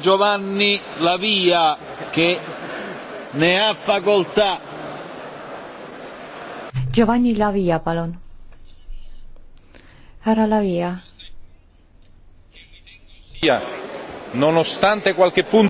Giovanni Lavia che ne ha facoltà. Giovanni Lavia, palun. härra Lavia. nonostante qualche punto.